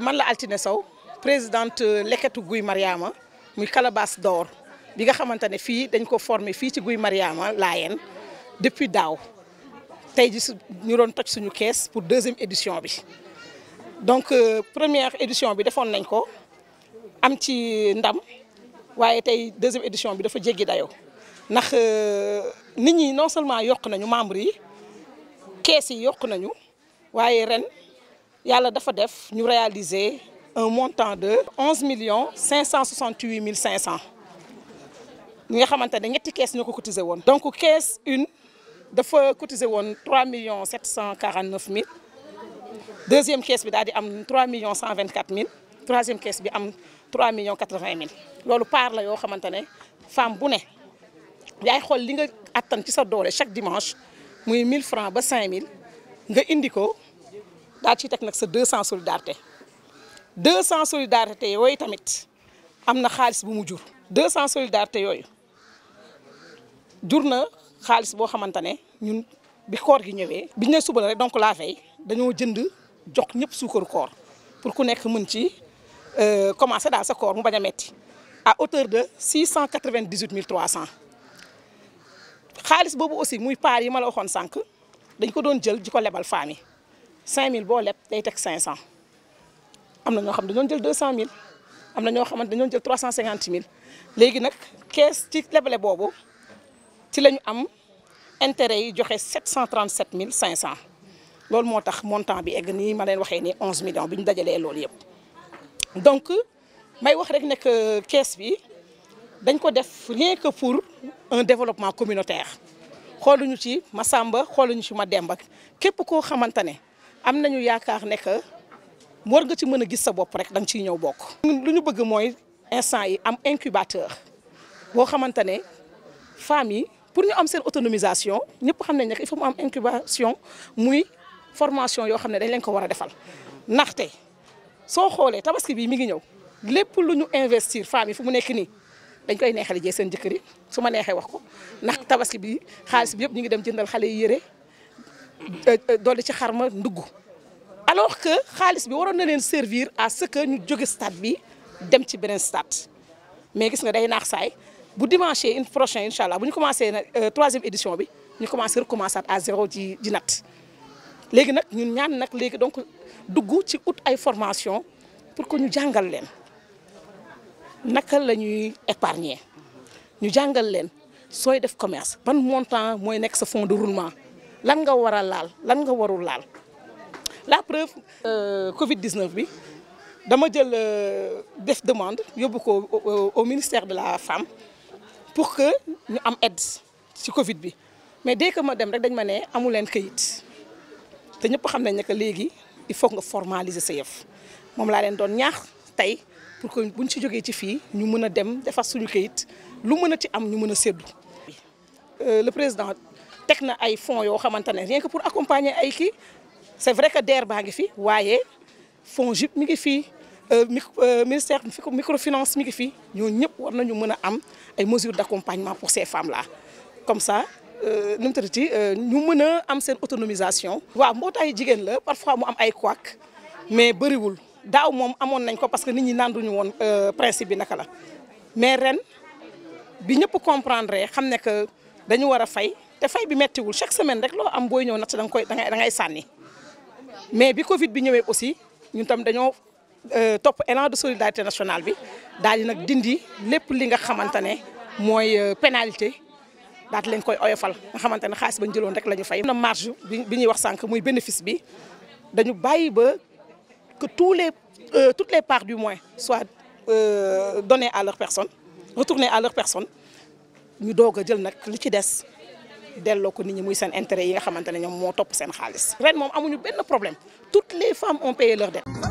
man la Altine Sow présidente euh, leketu Guy Mariama muy calebasse d'or bi nga xamante ne fii dañ ko formé fii ci Guy Mariama Laayeen depuis daaw tey ji su ñu doon toj suñu kees pour deuxième édition bi donc euh, première édition bi defoon nañ ko am ci ndam waaye tey deuxième édition bi dafa jéggi dayo ndax euh, nit ñi non seulement yokk nañu membres yi kees yi yokk nañu waaye ren yàlla dafa def ñu réaliser un montant de onze million cinq cent soixante huit mille cinq cent ñi nga xamante ne ñetti kees ñoo ko cotiser woon. donc kees une dafa cotiser woon trois millions sept cent quarante neuf mille deuxième kees bi daal di am trois million cent vingt quatre mille troisième kees bi am trois millions quatre vingt mille loolu part la yoo xamante ne femme bu ne yaay xool li nga attan ci sa doole chaque dimanche muy mille francs ba cinq mille nga indi ko. daal ci teg nag sa 200 solidarité 200 solidarité yooyu tamit am na xaalis bu mu jur 200 solidarité yooyu jur na xaalis boo xamante ne ñun bi koor gi ñëwee. bi ñu ne suba la rek donc la veille dañoo jënd jox ñëpp suukaru koor pour ku nekk mën ci euh, commencer daal sa koor mu bañ a metti à hauteur de 698 300 xaalis boobu aussi muy paar yi ma la waxoon sànq dañ ko doon jël di ko lebal famille 5000 boo leb day teg 500 am na ñoo xam dañoo jël 200000 am na ñoo xamante dañoo jël 350000 léegi nag kees ci lebale boobu ci la ñu am intérêt yi joxe 737 500 loolu moo tax montant bi egg nii ma leen waxee ni 11 millions bi ñu dajalee loolu yëpp donc may wax rek nekk kees bi dañ ko def rien que pour un développement communautaire xooluñu ci ma Masamba xooluñu ci Mademba képp koo xamante ne. am nañu yaakaar ne que war nga ci mën a gis sa bopp rek da nga ciy ñëw bokk. lu ñu bëgg mooy instant yi am incubateur boo xamante ne femmes yi pour ñu am seen autonomisation ñëpp xam nañ ne il faut mu am incubation muy formation yoo xam ne dañ leen ko war a defal ndaxte soo xoolee tabaski bii mi ngi ñëw lépp lu ñu investir femmes yi fu mu nekk nii. dañ koy neexale jee seen jëkkër yi su ma neexee wax ko ndax tabaski bi xaalis bi yëpp ñu ngi dem jëndal xale yi yére Euh, euh, dool di ci xarma ndugg alors que xaalis bi waroon na leen servir à ce que ñu jóge stade bi dem ci beneen stade mais gis nga day naax saay bu dimanche in prochain incha allah bu ñu commencé nag euh, troisième édition bi ñu commencé recommencé à zéro ji ji nat léegi nag ñun ñaan nag léegi donc dugg ci ut ay formation pour que ñu jàngal leen naka la ñuy épargner ñu jàngal leen sooy def commerce ban montant mooy nekk sa fonds de roulement lan nga war a laal lan nga warul laal la preuve euh, Covid 19 bi dama jël euh, def demande yóbbu ko au ministère de la femme pour que ñu am aide ci Covid bi mais dès que ma dem rek dañ ma ne amu leen kayit te ñëpp xam nañ ne que léegi il faut nga formaliser sa yëf moom laa leen doon ñaax tey pour que buñ ci jógee ci fii ñu mën a dem defar suñu kayit lu mën a ci am ñu mën a séddu euh, le président teg na ay fonds yoo xamante ne rien que pour accompagner ay kii c'est vrai que DER baa ngi fi waaye fonds JIP mi ngi fii euh, euh, ministère microfinance mi ngi fii ñoo ñëpp war nañu mën a am ay mesures d'accompagnement pour ces femmes là comme ça euh, nu mu tëddati ñu mën a am seen autonomisation. waaw mbootaayu jigéen la parfois mu am ay couac mais bëriwul daaw moom amoon nañ ko parce que nit ñi nanduñu woon principe bi naka la mais ren bi ñëpp comprendre xam ne que war a fay. te fay bi mettiwul chaque semaine rek loo am booy ñëw natt da nga koy da ngay sànni mais bi Covid bi ñëwee aussi ñu tam dañoo euh, topp élan de solidarité nationale bi daal di nag dindi lépp li nga xamante ne mooy euh, pénalité daal di leen koy oyofal nga xamante ne xaalis ba ñu jëloon rek la ñu fay. na marge bi ñuy wax sànq muy bénéfice bi dañu bàyyi ba que tous les euh, toutes les parts du moins soit données à leur personne retournées à leur personne ñu doog a jël nag li ci des. delloo ko nit ñi muy seen intérêt yi nga xamante ne ñoom moo topp seen xaalis ren moom amuñu benn problème toutes les femmes ont payé leur dette